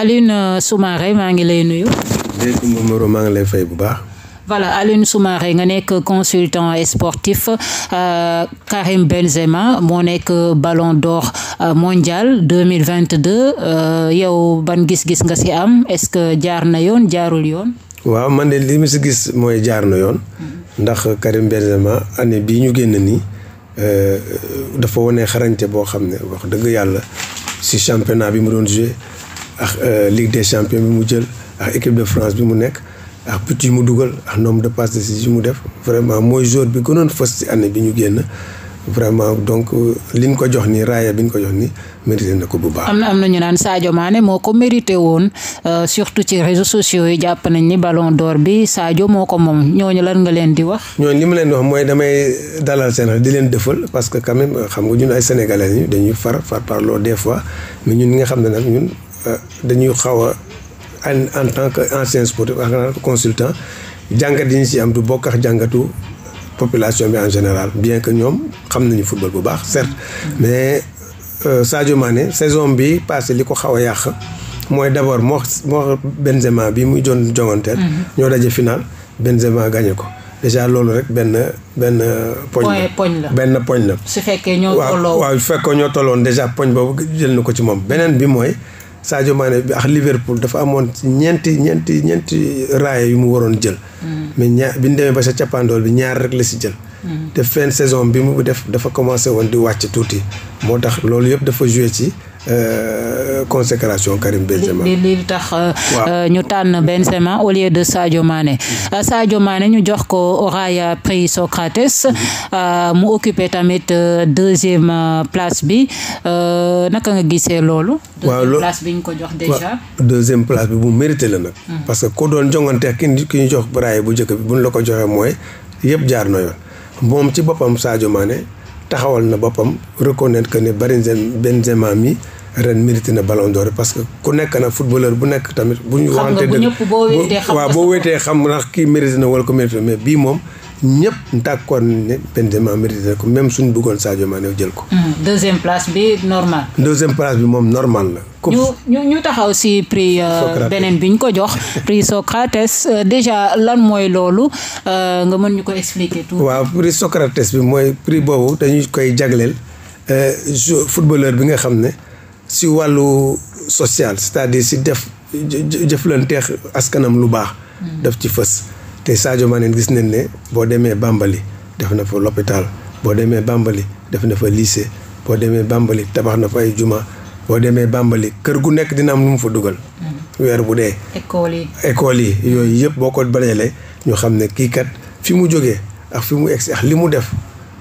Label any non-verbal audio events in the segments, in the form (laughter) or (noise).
Alioune euh, Soumaré maa ngi lay nuyu. déedéet maa ngi lay fay bu baax. voilà Alioune Soumaré nga nekk consultant sportif euh, Karim Benzema moo nekk Ballon d'Or euh, mondial deux mille vingt deux yow ban gis-gis nga si am est-ce que jaar na yoon jaarul yoon. waaw man de li ma si gis mooy jaar na yoon. ndax Karim Benzema année bii ñu génn nii dafa wone xarañte boo xam ne wax dëgg yàlla ci championnat bi mu doon joué. ak euh, Ligue de champions bi mu jël ak équipe de France bi mu nekk ak but yi mu dugal ak nombre de passes décisives yi mu def vraiment mooy joueur bi gënoon fës ci na bi ñu génn vraiment donc li euh, liñ ko jox nii raaya bi ñu ko jox nii mérité na ko bu baax. am na am na ñu naan Sadio Mané moo ko mérité woon euh, surtout ci réseaux sociaux yi jàpp nañ ni ballon d'or bi Sadio moo ko moom ñooñu lan nga leen di wax. ñooñu li ma leen di wax mooy damay dalal seen di leen dëfal parce que quand même xam nga ay sénégalais ñu dañuy far far des fois mais ñi nga xam ne nag ñun. dañuy xaw a en en tant que ancien sportif en tant consultant jàngat yi ñu si am du bokk ak jàngatu population bi en général bien que ñoom xam nañu football bu baax certes mais euh, Sadio Mané saison bi passé li ko xaw a yàq mooy d'abord moo moo Benzema bi muy doon jonganteel mhm. ñoo daje final Benzema gagné ko déjà loolu rek benn benn poñ la benn poñ la su fekkee ñoo tolloo waaw waaw su ñoo tolloon déjà poñ boobu jël na ko ci moom beneen bi mooy Sadio Mané bi ak Liverpool dafa amoon ñeenti ñeenti ñeenti raaya yi mu waroon jël. Mm. mais ñaar bi ñu ba sa cappaandool bi ñaar rek la si jël. Mm. te fin saison bi mu def dafa commencé woon di wàcc tuuti. moo tax loolu yëpp dafa joué ci. Euh, consécration Karim Benzema. li li tax euh, euh, ñu tànn Benzema au lieu de Sadio Mané mm-hmm. Sadio Mané ñu jox ko raaya prix Socrates mm-hmm. mu occupé tamit deuxième place bi naka nga gisee loolu. deuxième place bi ñu ko jox déjà. deuxième place bi bu mérité la nag. Mm. parce que ku doon jongante ak ki ñu jox raaya bu jëkk bi bu ñu la ko joxee mooy yëpp jaar na moom ci boppam Sadio Mané. taxawal na boppam reconnaître que ne Benzema mi ren mérité na ballon door parce que ku nekk na footballeur bu nekk tamit. bu ñu waxante dëgg waaw boo wéetee xam ndax kii mérité na wala ko mérité mais bii moom. ñëpp d'accord ne Benzema mérité na ko même suñ bëggoon Sadio Mané jël ko. Hmm, deuxième place bi normal. deuxième place bi moom normal na ñu ñu ñu taxaw si prix euh, beneen bi ñu ko jox (laughs) prix Socrates euh, déjà lan mooy loolu euh, nga mën ñu ko expliquer tout. waaw prix Socrates bi mooy prix boobu dañu koy jagleel jou footballeur bi nga xam ne si wàllu social c'est-à-dire si def jëflanteex askanam lu baax. Hmm. daf ci fës. te Sadio Mané gis nañ ne boo demee bàmbali def na fa l'hôpital boo demee bàmbali def na fa lycée boo demee bàmbali tabax na fa ay juma boo demee Bambali kër gu nekk dina am lu mu fa dugal. Mm-hmm. weer bu dee. école yi yi yooyu yëpp boo ko bañalee ñu xam ne kii kat fi mu jógee ak fi mu egsi ak li mu def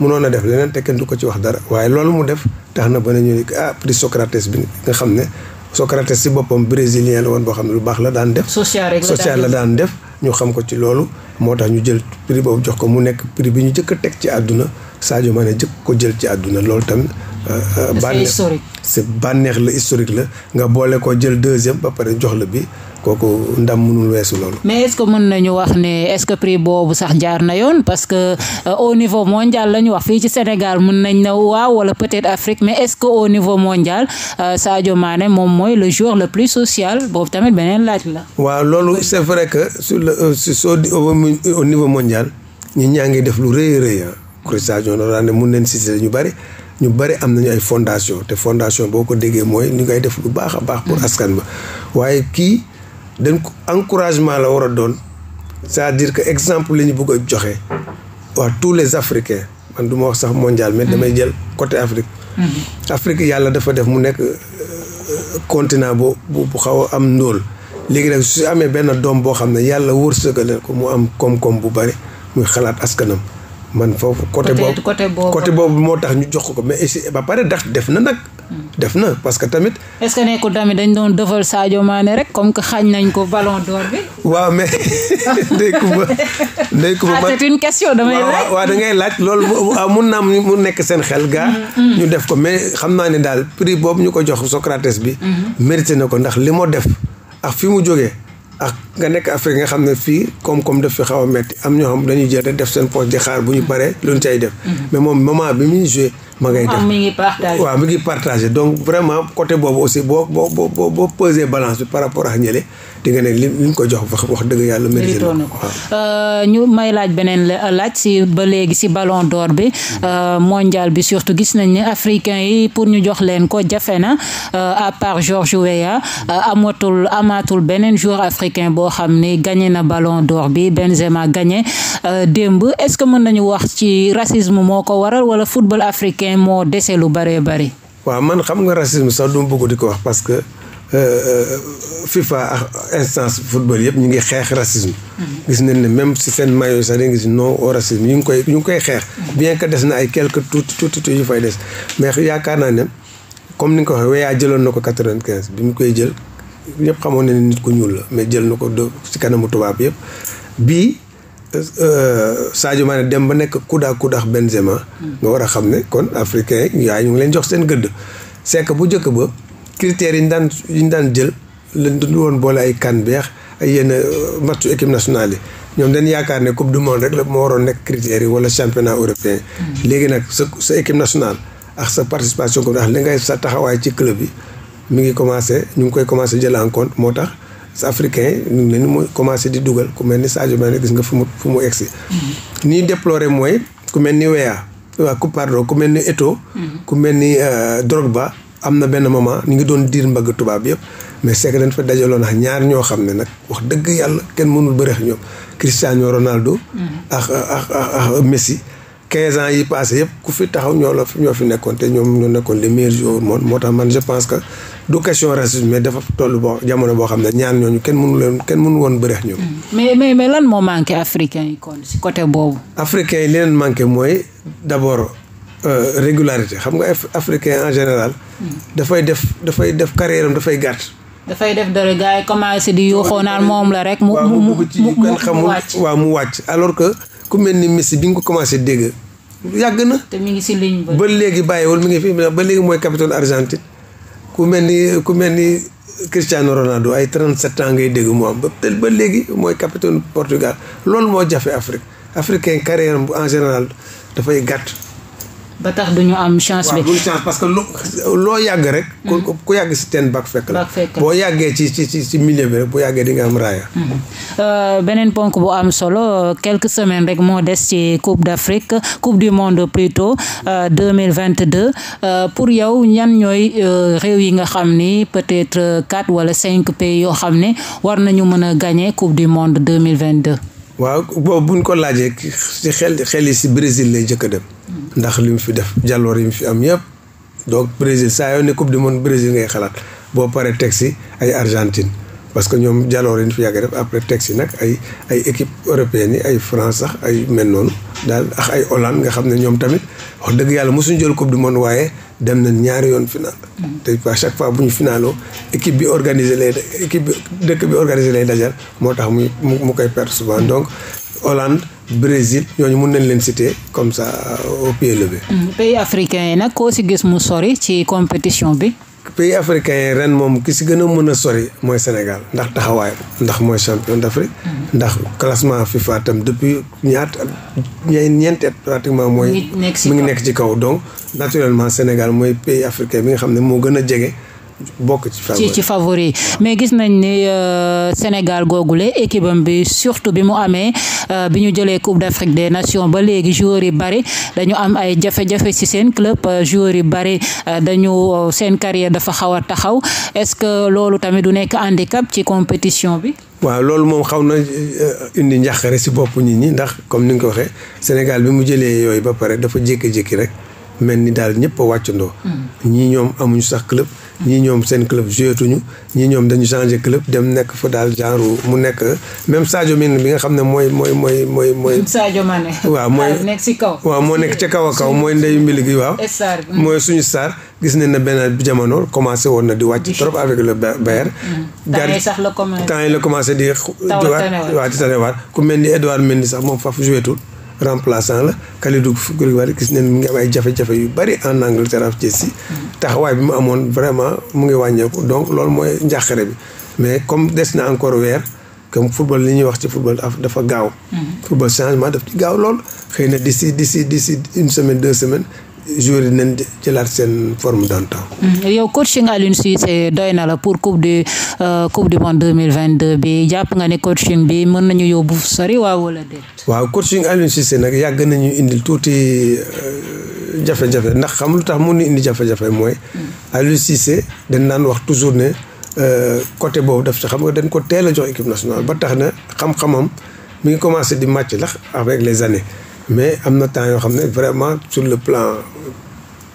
mënoon a def leneen te kenn du ko ci wax dara waaye loolu mu def tax na ba ne ñu ah prix Socrates bi nga xam ne Socrates si boppam brésilien la woon boo xam ne lu baax la daan def. social la daan def. ñu xam ko ci loolu moo tax ñu jël prix boobu jox ko mu nekk prix bi ñu jëkk a teg ci àdduna Sadio ne jëkk ko jël ci àdduna loolu tamit Euh, euh, bànneex c'est bànneex la historique la nga boole ko jël deuxième ba pare jox la bi kooku ndam munul weesu loolu. mais est-ce que mën nañu wax ne est-ce que prix boobu sax jaar na yoon parce que euh, au niveau mondial la ñu wax fii ci Sénégal mun nañ na waaw wala peut-être Afrique mais est-ce que au niveau mondial Sadio maane moom mooy le jour le plus social boobu tamit beneen laaj la. waaw loolu c'est vrai que su le sur au niveau mondial ñi ñaa ngi def lu rëy a rëy ah. Sadio Mané mën nañ ñu bari. ñu bari am nañu ay fondation te fondation boo ko déggee mooy ñu ngay def lu baax a baax pour mm. askan ma waaye kii dañ ko encouragement la war a doon c'est-à-dire que exemple la ñu bëgg a joxe waa tous les africains man du ma wax sax mondial mais mm. damay jël côté Afrique mm. Afrique yàlla dafa def mu nekk euh, continent bu bu xaw a am ndóol léegi nag su amee benn doom boo xam ne yàlla wërsëgal ko mu am koom-koom bu bari muy xalaat askanam man foofu côté boobu côté boobu moo tax ñu jox ko mais ba pare def def na nag hmm. def na parce que tamit est-ce que tamit dañ doon defal Sadio Mané rek comme que xañ nañ ko ballon d'or bi waaw mais ndey Kumba ndey Kumba c'est une question damay laaj waaw da ngay laaj loolu waaw ah, mun naa mu nekk seen xel gaa hmm, hmm. ñu def ko mais xam naa ne daal prix boobu ñu ko jox Socrates bi mérité ko ndax li moo def ak fi mu jógee ak nga nekk Afrique nga xam ne fii koom-koom def fi xaw a metti am ñoo xam dañuy jël def seen poche di xaar bu ñu paree lu ñu cay def mm-hmm. mais moom moment bi muy joué ma ngay ah, def ngi partagé waaw mi ngi partagé donc vraiment côté boobu aussi boo boo boo boo pesé balance bi par rapport ak ñële di nga ne li ñu ko jox wax dëgg yàlla mérité na ko euh, laaj si ba léegi si ballon d'or bi mm. euh, mondial bi surtout gis nañ ne africain yi pour ñu jox leen ko jafe na euh, à part George Weah amatul amaatul beneen joueur africain boo xam ni gagné na balon d'or bi Benzema gagné démb est-ce que mën nañu wax ci racisme moo ko waral wala football africain africain moo dese lu baree bëri. waaw man xam nga racisme sax du ma bëgg di ko wax parce que euh, euh, FIFA ak instance football yëpp ñu ngi xeex racisme. Mm-hmm. gis nañ ne même si seen maillot sax dañu gis non au racisme ñu ngi koy ñu ngi koy xeex. Mm-hmm. bien que des na ay quelques tuuti tuuti tuuti yu fay des mais yaakaar naa ne comme ni nga ko waxee weyaa jëloon na ko quatre-vingt-quinze bi mu koy jël. ñëpp xamoon ne nit ku ñuul la mais jël na ko do ci kanamu tubaab yëpp bii Euh, Sadio Mané dem ba nekk kudaa kudaax Benzema. nga war a xam ne kon africain yaay ñu ngi leen jox seen gëdd. c'est que bu njëkk ba critères yi ñu daan yi ñu daan jël lañ dund woon boole ay kan beex ay yenn euh, matchu équipe nationale yi ñoom dañ yaakaar ne coupe du monde rek la moo waroon nekk critères yi wala championnat européen. Hmm. léegi nag sa sa équipe ak sa participation ko ndax li ngay sa taxawaay ci club yi mi ngi commencé ñu ngi koy commencé jël en moo tax. sa africain ñu leen mu commencé di dugal ku mel ni Sadio Mané gis nga fu mu fu mu egsi nii mhm. déploré mooy ku mel ni Weah waaw ku pardon ku mel ni Eto'o mhm. ku mel ni euh, ba am na benn moment ñu ngi doon diir mbagg tubaab yëpp mais c'est que dañ fa dajaloon ak ñaar ñoo xam ne nag wax dëgg yàlla kenn mënul bëreex ñoom Cristiano Ronaldo mhm. ak ak ak Messi quinze ans yi passé yëpp ku fi taxaw ñoo la ñoo fi nekkoon te ñoom ñoo nekkoon les meilleurs joueurs moom moo tax man je pense que du question racisme mais dafa toll boo jamono boo xam ne ñaan ñooñu kenn mënu leen kenn mënu woon bëreex ñoom. Mm. mais mais mais lan moo manqué africain yi kon si côté boobu. africain yi leen manqué mooy d' abord euh, régularité xam nga africain en général. Mm. dafay def dafay def carrière am dafay gàtt. dafay def dara gars yi commencé di yuuxoo naan moom la rek. mu mu mu mu xamul waaw mu wàcc alors que ku mel ni Messi bi nga ko commencé dégg yàgg na. te mi ngi si ligne ba. ba léegi bàyyiwul mi ngi fi ba léegi mooy capital Argentine ku mel ni ku mel ni Cristiano Ronaldo ay 37 ans ngay dégg mu am ba ba léegi mooy capitaine Portugal loolu moo jafe Afrique africain carrière bu en général dafay gàtt. ba tax duñu am chance bi waaw parce que loo yàgg rek. ku mm-hmm. yàgg si teen bak fekk la. boo yàggee ci ci ci ci milieu bi rek bu yàggee di nga am raaya. Mm-hmm. Euh, beneen ponk bu am solo quelque semaine rek moo des ci coupe d' Afrique coupe du monde plutôt euh, deux mille vingt deux euh, pour yow ñan ñooy réew yi nga xam ni peut être quatre wala cinq pays yoo xam ne war nañu mën a gagné coupe du monde deux mille vingt deux. waaw boobu buñ ko laajee ci xel xel yi si Brésil lay jëkk a dem. ndax li mu fi def jàlloor yi mu fi am yëpp. donc Brésil saa yoo ne coupe du monde Brésil ngay xalaat boo paree teg si ay Argentine parce que ñoom jàlloor yi ñu fi yàgg def après teg si nag ay ay équipe européenne yi ay France sax ay mel noonu daal ak ay Hollande nga xam ne ñoom tamit wax dëgg yàlla mosuñu jël coupe du monde waaye dem nañ ñaari yoon final. te à chaque fois bu ñu finaloo équipe bi organisé lay équipe dëkk bi organisé lay dajal moo tax muy mu koy perdre souvent donc Hollande. Brésil ñooñu mun nañ leen citer comme ça euh, au pied levé. Mm, pays africain yi nag koo si gis mu sori ci compétition bi. pays africain ren moom ki si gën a mën a sori mooy Sénégal ndax taxawaay ndax mooy champion d'Afrique mm. ndax classement FIFA tam depuis ñaat ñeenti at pratiquement mooy mi ngi nekk ci kaw donc naturellement Sénégal mooy pays africain bi nga xam ne moo gën a jege bokk ci favori mais gis nañ ni euh, Sénégal googule équipe bi surtout bi mu amee euh, bi ñu jëlee Coupe d'Afrique de nation ba léegi joueurs yi bari dañu am ay jafe-jafe ci seen club euh, joueurs yi bari dañu seen carrière dafa xaw a taxaw est-ce que loolu tamit du nekk handicap ci compétition bi. waaw loolu moom xaw na indi njàqare si bopp nit ñi ndax comme ni nga ko waxee Sénégal bi mu jëlee yooyu ba pare dafa jékki-jékki rek. mel ni daal ñëpp a wàccandoo. ñii ñoom amuñu sax club. ñii ñoom seen club jouetuñu ñii ñoom dañu changé club dem nekk fa daal genre mu nekk même Sadio Mane bi nga xam ne mooy mooy mooy mooy mooy. Sadio Mané. waaw mooy si kaw. waaw moo nekk ca kaw kaw mooy ndeyu mbili gi waaw. mooy suñu star gis nañ ne benn jamono commencé woon na di wàcc trop avec le Bayern. Mm. temps yi sax yi la commencé di. taw a ku mel ni Edouard Mendy sax moom faf jouetul. remplaçant la Kalidou Koulibaly gis nañ mu ngi am ay jafe-jafe yu bari en Angleterre ak Chelsea taxawaay bi mu amoon vraiment mu ngi wàññeeku donc loolu mooy njàqare bi mais comme des na encore weer comme football li ñuy wax ci football dafa gaaw mm-hmm. football changement def ci gaaw lool xëy na d'ici d'ici d'ici une semaine deux semaines joueurs yi nañ jëlaat seen forme d'antan. Mm. yow coaching Aliou Cissé doy na la pour coupe du euh, coupe du mille vingt deux bi jàpp nga ne coaching bi mën nañu yóbbu sori waaw wala déet. waaw coaching Aliou Cissé nag yàgg nañu indil tuuti euh, jafe-jafe ndax xam lu tax mun indi jafe-jafe mooy. Mm. Aliou Cissé dañ naan wax toujours ne euh, côté boobu def ci xam nga dañ ko teel a jox équipe nationale ba tax na xam-xamam mi ngi commencé di màcc lax avec les années. mais am na temps yoo xam ne vraiment sur le plan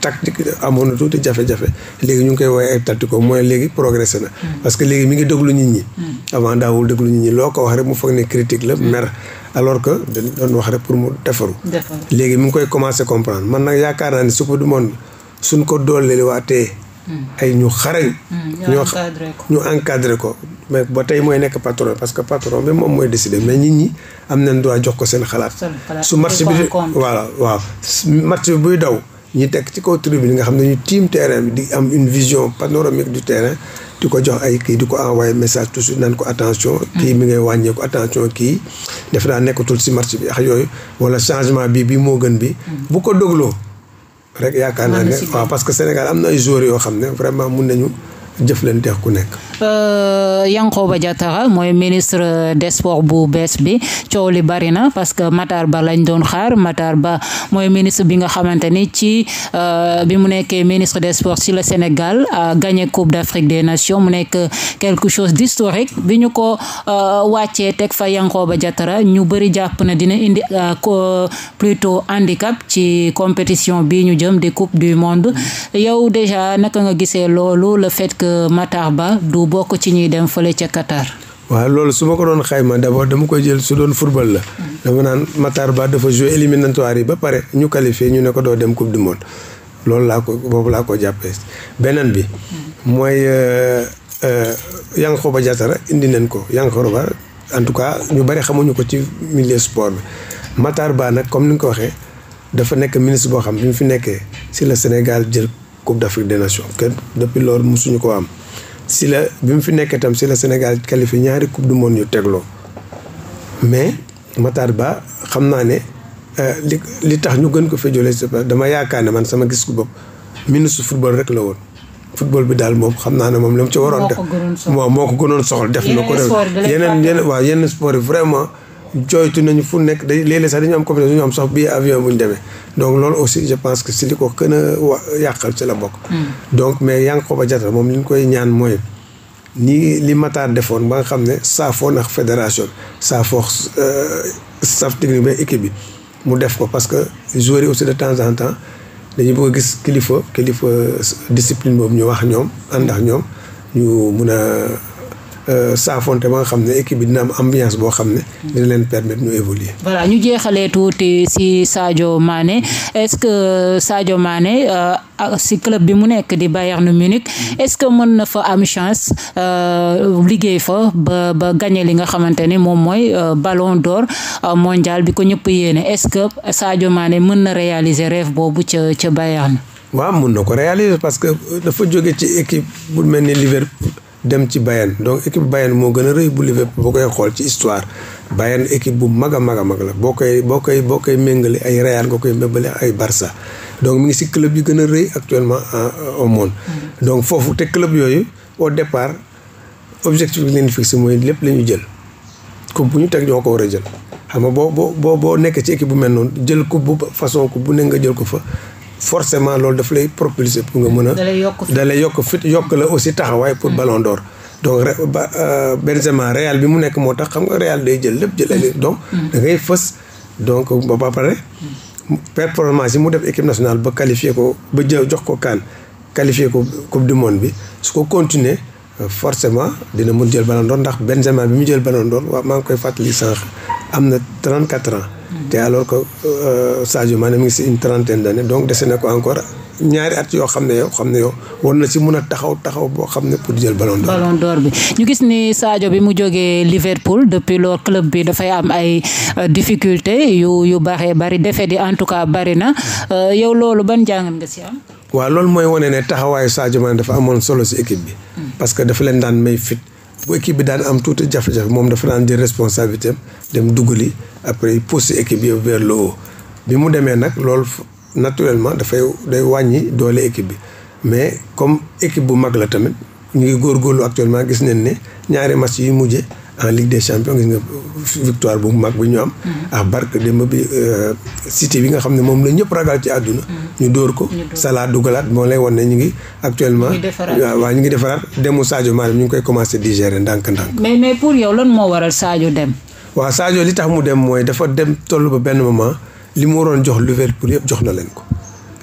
tactique amoon na tuuti jafe-jafe léegi ñu ngi koy woowee ay tactico mooy léegi progressé na hmm. parce que léegi mi ngi déglu nit ñi hmm. avant daawul déglu nit ñi loo ko wax rek mu foog ne critique la hmm. mer alors que dañ doon wax rek pour mu defaru léegi mu ngi koy commencé comprendre man nag yaakaar naa ni su ko du moon suñ ko dooleel waatee ay ñu xarañ. Hmm. ñoo ñu encadré ko mais ba tey mooy nekk patron parce que patron bi moom mooy décidé mais nit ñi am nañ droit jox ko seen xalaat. su match bi voilà waaw match bi buy daw. ñi teg ci kaw tribune nga xam ne ñu tiim terrain bi di am une vision panoramique du terrain di ko jox ay kii di ko envoyé message toujours naan ko attention hmm. kii mi ngay wàññeeku attention kii def naa nekkatul si marché bi ak yooyu wala changement bi bi moo gën bi hmm. bu ko dogloo rek yaakaar naa ne waaw parce que Sénégal am na ay joueurs yoo xam ne vraiment mun nañu jëflanteex ku nekk. Euh, Yankhoba Diattara mooy ministre des sports bu bees bi coow li bari na parce que Matar Ba lañ doon xaar Matar Ba mooy ministre bi nga xamante ni ci euh, bi mu nekkee ministre des sports ci la Sénégal gagné coupe d'Afrique des nations mu nekk quelque chose d'historique bi ñu ko euh, wàccee teg fa Yankhoba Diattara ñu bëri jàpp na dina indi plutôt handicap ci compétition bi ñu jëm di coupe du monde yow déjà naka nga gisee loolu le fait que Matar Ba du ko ci ñuy dem fële ca Qatar. waaw loolu su ma ko doon xayma d'abord dama koy jël su doon football la. dama naan Matar Ba dafa joué éliminatoire yi ba pare ñu qualifié ñu ne ko doo dem coupe du monde loolu laa ko boobu laa ko jàppee beneen bi. mooy euh, euh, ba Diattara indi nañ ko ba en tout cas ñu bari xamuñu ko ci milieu sport bi Matar Ba nag comme ni nga ko waxee dafa nekk ministre boo xam bi mu fi nekkee si la Sénégal jël. Coupe d'Afrique des Nations que depuis loolu musuñu ko am si la bi mu fi nekkee tam si la Sénégal qualifié ñaari coupe du monde yu tegloo mais Matar Ba xam naa ne euh, li li tax ñu gën ko fa jëlee c'est dama yaakaar ne man sama gis ku bopp ministre football rek la woon football bi daal moom xam naa ne moom la mu ci waroon def moo moo ko gënoon soxal def na ko def yeneen yeneen waaw yenn sport yi vraiment jooytu nañu fu nekk day léeg sax dañu am comité dañu am sax bi avion bu ñu demee donc loolu aussi je pense que si li ko gën a wa yàqal ci la bokk. Hmm. donc mais a Diattara moom li ñu koy ñaan mooy nii li Matar defoon ba nga xam ne saafoo nax fédération saafoo euh, staff technique bi équipe bi mu def ko parce que joueurs yi aussi de temps en temps dañu bëgg gis kilifa kilifa euh, discipline boobu ñu wax ñoom ànd ak ñoom ñu mun a. Euh, saafonte ba nga xam ne équipe bi dina am ambiance boo xam ne. dina leen permettre ñu évoluer. voilà ñu jeexalee tuuti si Sadio maane est-ce que Sadio maane euh, si club bi mu nekk di Bayern Munich est-ce que mën na fa am chance euh, liggéey fa ba ba gagné li nga xamante ne moom mooy ballon d'or mondial bi ko ñëpp yéene est-ce que Sadio maane mën na réaliser rêve boobu ca ca Bayern. waaw mën na ko réaliser parce que dafa jóge ci équipe bu mel ni Liverpool. dem ci Bayern donc équipe Bayern moo gën a rëy bu Liverpool boo koy xool ci histoire Bayern équipe bu mag a mag a mag la boo koy boo koy boo koy méngale ay Real nga koy méngale ay Barça donc mu ngi si club yi gën a rëy actuellement euh, euh, au monde. Mm. donc foofu te club yooyu au départ objectif bi leen fixé mooy lépp la ñu jël coupe bu ñu teg ñoo ko war a jël xam nga boo boo boo boo nekk ci équipe bu mel noonu jël coupe bu façon coupe bu ne nga jël ko fa. forcément loolu daf lay propulser pour nga mën a. da yokk fit yokk la aussi taxawaay pour ballon d'or. donc euh, Benzema Real bi mu nekk moo tax xam nga Real day jël lépp jël donc mm. da fës donc ba ba pare. Mm. performance yi mu def équipe nationale ba qualifié ko ba jë jox ko kaan qualifié ko coupe du monde bi su ko continuer euh, forcément dina mun jël ballon d'or ndax Benzema bi mu jël ballon d'or waaw maa ngi koy fàttali sànq am na 34 ans. te alors que euh, Sadio Mané mi ngi si une trentaine d'années donc dese na ko encore ñaari at yoo xam ne yow xam ne yoo war na si mun a taxaw taxaw boo xam ne pour jël ballon d'or. ballon d'or bi ñu gis ni Sadio bi mu jógee Liverpool depuis loolu club bi dafay am ay euh, difficulté yu yu baaxee bari defe di en tout cas bari na euh, yow loolu ban jàngat nga si am. waaw loolu mooy wane ne taxawaayu Sadio Mané dafa amoon solo si équipe bi. Hmm. parce que dafa leen daan may fit. bu équipe bi daan am tuuti jafe-jafe moom dafa daan jël responsabilité am dem dugali après pousser équipe yi vers loo haut bi mu demee nag loolu naturellement dafay day wàññi doole équipe bi mais comme équipe bu mag la tamit ñu ngi góorlu actuellement gis nañ ne ñaari match yi mujje en Ligue des champions gis nga victoire bu mag bi ñu am. ah barke démb bi euh, cité bi nga xam ne moom la ñëpp ragal ci àdduna. Mm-hmm. ñu dóor ko Salah dugalaat moo lay wan ne ñu ngi actuellement. waaw ñu ngi defaraat demu Sadio Mané ñu ngi koy commencé digérer ndànk-ndànk. mais mais pour yow lan moo waral dem. waaw Sadio li tax mu dem mooy dafa dem toll ba benn moment li mu waroon jox Liverpool yëpp jox na leen ko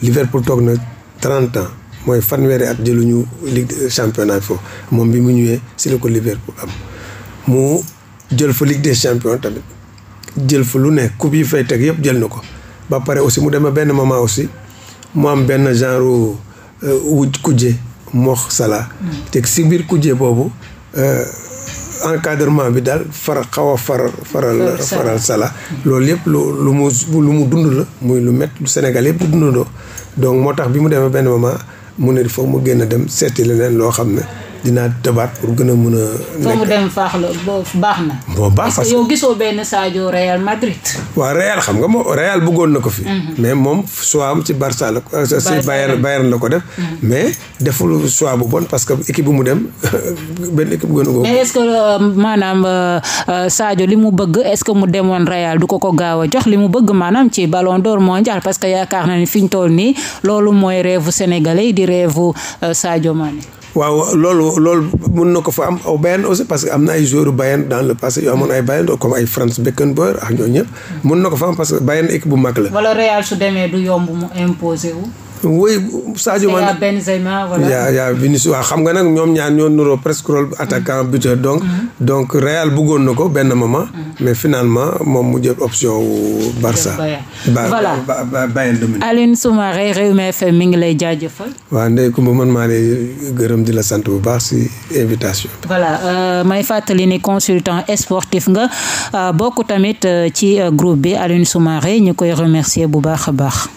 Liverpool toog na 30 ans. mooy fanweeri at jëluñu ligue championnat foofu moom bi mu ñëwee si la ko Liverpool am mu jël fa Ligue des champions tamit jël fa lu ne coupe yi fay teg yëpp jël na ko ba pare aussi mu demee benn moment aussi mu am benn genre euh, wuj kujje moox sala mm. te si biir kujje boobu euh, encadrement bi daal far xaw a faral faral faral sala loolu yëpp lu lu mu lu mu dund la muy lu met lu Sénégal yëpp dundandoo donc moo tax bi mu demee benn moment mu ne foog mu génn dem seeti leneen loo xam ne dinaa tabaat pour gën a mën a. nekk mu dem faax la baax na. bon baax parce que yow gisoo benn Sadio Real Madrid. waaw Real xam nga moom Real bëggoon na ko fii mhm. mais moom choix am ci Barça la ko. si euh, Bayern Bayern la ko def. Mhm. mais deful choix bu parce que équipe bu mu dem (laughs) benn que euh, maanaam euh, Sadio li mu bëgg est ce que mu demoon Real du ko ko gaaw a jox li mu bëgg maanaam ci Ballon d'Or mondial parce que yaakaar na ni fi ñu toll nii loolu mooy rêve sénégalais di rêve Sadio Mané. waaw loolu loolu mën na ko fa am au Bayern aussi parce que am na ay joueurs Bayern dans le passé yu amoon ay Bayern comme ay Franz Beckenbauer ak ñooñu ñëpp. na ko fa am parce que Bayern équipe bu mag la. wala Real su demee du yomb mu imposer wu. woy Sadio Mané Benzema voilà yaa Vinicius waaw xam nga nag ñoom ñaar ñoo nuroo presque rôle attaquant buteur donc mm-hmm. donc Real bëggoon na ko benn moment mm-hmm. mais finalement moom mu jël option wu Barça voilà Bayern de Munich Alioune Soumaré mi ngi lay jaajëfal waaw Ndeye Coumba man maa lay gërëm di la sant bu baax si invitation voilà euh, may fàttali ni consultant sportif nga euh, bokk tamit euh, ci groupe bi Alioune Soumaré ñu koy remercier bu baax a baax